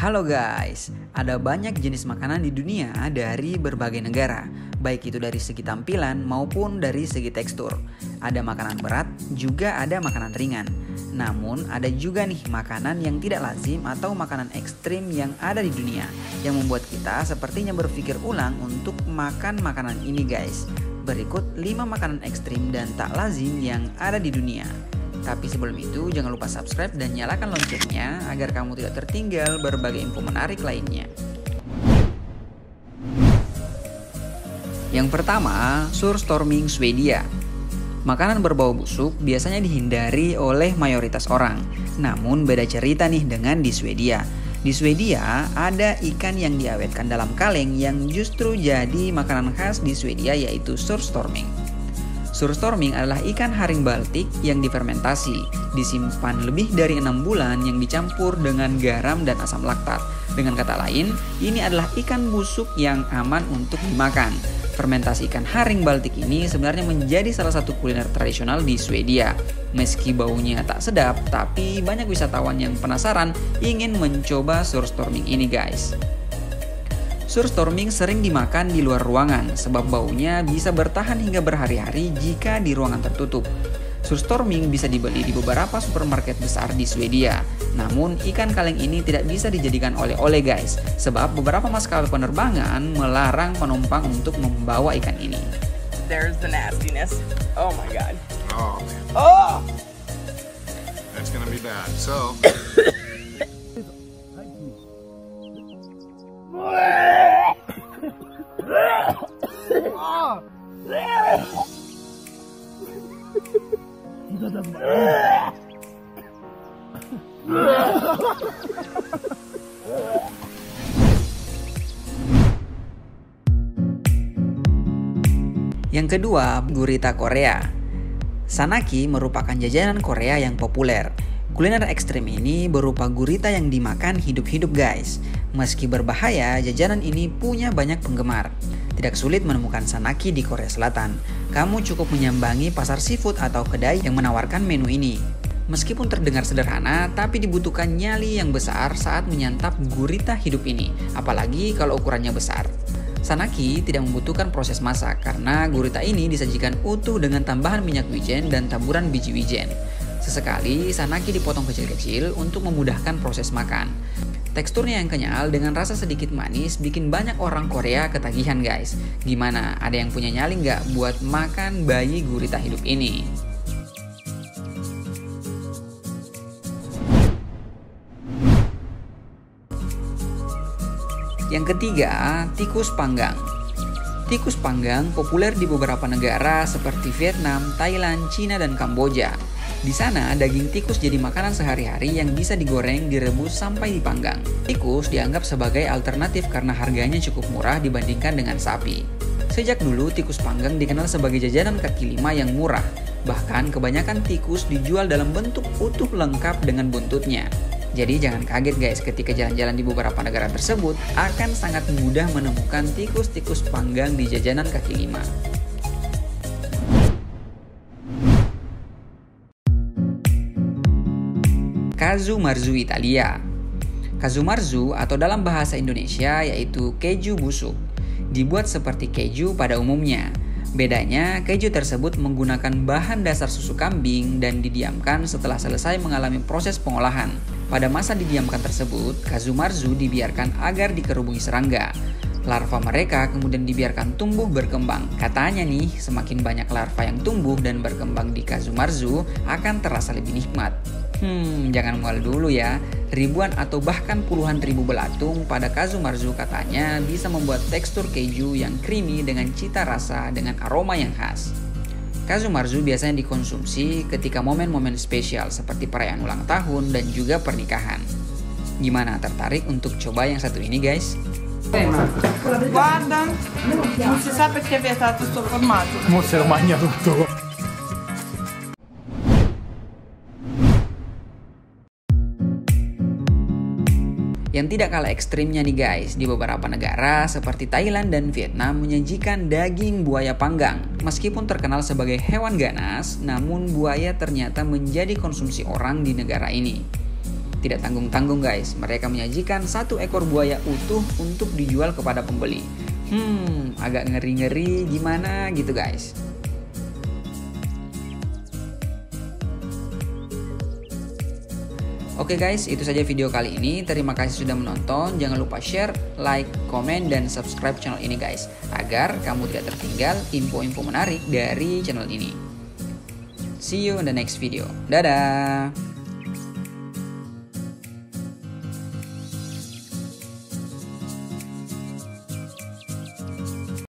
Halo guys, ada banyak jenis makanan di dunia dari berbagai negara, baik itu dari segi tampilan maupun dari segi tekstur. Ada makanan berat, juga ada makanan ringan. Namun, ada juga nih makanan yang tidak lazim atau makanan ekstrim yang ada di dunia, yang membuat kita sepertinya berpikir ulang untuk makan makanan ini guys. Berikut 5 makanan ekstrim dan tak lazim yang ada di dunia. Tapi sebelum itu, jangan lupa subscribe dan nyalakan loncengnya agar kamu tidak tertinggal berbagai info menarik lainnya. Yang pertama, surstorming Swedia. Makanan berbau busuk biasanya dihindari oleh mayoritas orang. Namun beda cerita nih dengan di Swedia. Di Swedia ada ikan yang diawetkan dalam kaleng yang justru jadi makanan khas di Swedia yaitu surstorming. Surstorming adalah ikan haring Baltik yang difermentasi, disimpan lebih dari enam bulan yang dicampur dengan garam dan asam laktat. Dengan kata lain, ini adalah ikan busuk yang aman untuk dimakan. Fermentasi ikan haring Baltik ini sebenarnya menjadi salah satu kuliner tradisional di Swedia. Meski baunya tak sedap, tapi banyak wisatawan yang penasaran ingin mencoba surstorming ini guys. Surstorming sering dimakan di luar ruangan sebab baunya bisa bertahan hingga berhari-hari jika di ruangan tertutup. Surstorming bisa dibeli di beberapa supermarket besar di Swedia. Namun, ikan kaleng ini tidak bisa dijadikan oleh-oleh guys, sebab beberapa maskapai penerbangan melarang penumpang untuk membawa ikan ini. There's the nastiness. Oh my god. Oh. Man. Oh. That's gonna be bad. So, Yang kedua, gurita Korea. Sanaki merupakan jajanan Korea yang populer. Kuliner ekstrim ini berupa gurita yang dimakan hidup-hidup guys. Meski berbahaya, jajanan ini punya banyak penggemar. Tidak sulit menemukan sanaki di Korea Selatan. Kamu cukup menyambangi pasar seafood atau kedai yang menawarkan menu ini. Meskipun terdengar sederhana, tapi dibutuhkan nyali yang besar saat menyantap gurita hidup ini, apalagi kalau ukurannya besar. Sanaki tidak membutuhkan proses masak karena gurita ini disajikan utuh dengan tambahan minyak wijen dan taburan biji wijen. Sesekali, sanaki dipotong kecil-kecil untuk memudahkan proses makan. Teksturnya yang kenyal dengan rasa sedikit manis bikin banyak orang Korea ketagihan guys. Gimana, ada yang punya nyali nggak buat makan bayi gurita hidup ini? Yang ketiga, tikus panggang. Tikus panggang populer di beberapa negara seperti Vietnam, Thailand, Cina, dan Kamboja. Di sana, daging tikus jadi makanan sehari-hari yang bisa digoreng, direbus, sampai dipanggang. Tikus dianggap sebagai alternatif karena harganya cukup murah dibandingkan dengan sapi. Sejak dulu, tikus panggang dikenal sebagai jajanan kaki lima yang murah. Bahkan, kebanyakan tikus dijual dalam bentuk utuh lengkap dengan buntutnya. Jadi jangan kaget guys ketika jalan-jalan di beberapa negara tersebut akan sangat mudah menemukan tikus-tikus panggang di jajanan kaki lima. Kazu Marzu Italia. Kazu Marzu atau dalam bahasa Indonesia yaitu keju busuk. Dibuat seperti keju pada umumnya. Bedanya, keju tersebut menggunakan bahan dasar susu kambing dan didiamkan setelah selesai mengalami proses pengolahan. Pada masa didiamkan tersebut, Kazu Marzu dibiarkan agar dikerubungi serangga. Larva mereka kemudian dibiarkan tumbuh berkembang. Katanya nih, semakin banyak larva yang tumbuh dan berkembang di Kazumarzu akan terasa lebih nikmat. Hmm, jangan mual dulu ya. Ribuan atau bahkan puluhan ribu belatung pada Kazumarzu katanya bisa membuat tekstur keju yang creamy dengan cita rasa dengan aroma yang khas. Kazumarzu biasanya dikonsumsi ketika momen-momen spesial seperti perayaan ulang tahun dan juga pernikahan. Gimana tertarik untuk coba yang satu ini guys? Guarda, non si sa perché vi è stato sto formato. Mo se lo tutto. yang tidak kalah ekstrimnya nih guys. Di beberapa negara seperti Thailand dan Vietnam menyajikan daging buaya panggang. Meskipun terkenal sebagai hewan ganas, namun buaya ternyata menjadi konsumsi orang di negara ini. Tidak tanggung-tanggung guys, mereka menyajikan satu ekor buaya utuh untuk dijual kepada pembeli. Hmm, agak ngeri-ngeri gimana gitu guys. Oke guys, itu saja video kali ini. Terima kasih sudah menonton. Jangan lupa share, like, komen, dan subscribe channel ini guys. Agar kamu tidak tertinggal info-info menarik dari channel ini. See you in the next video. Dadah!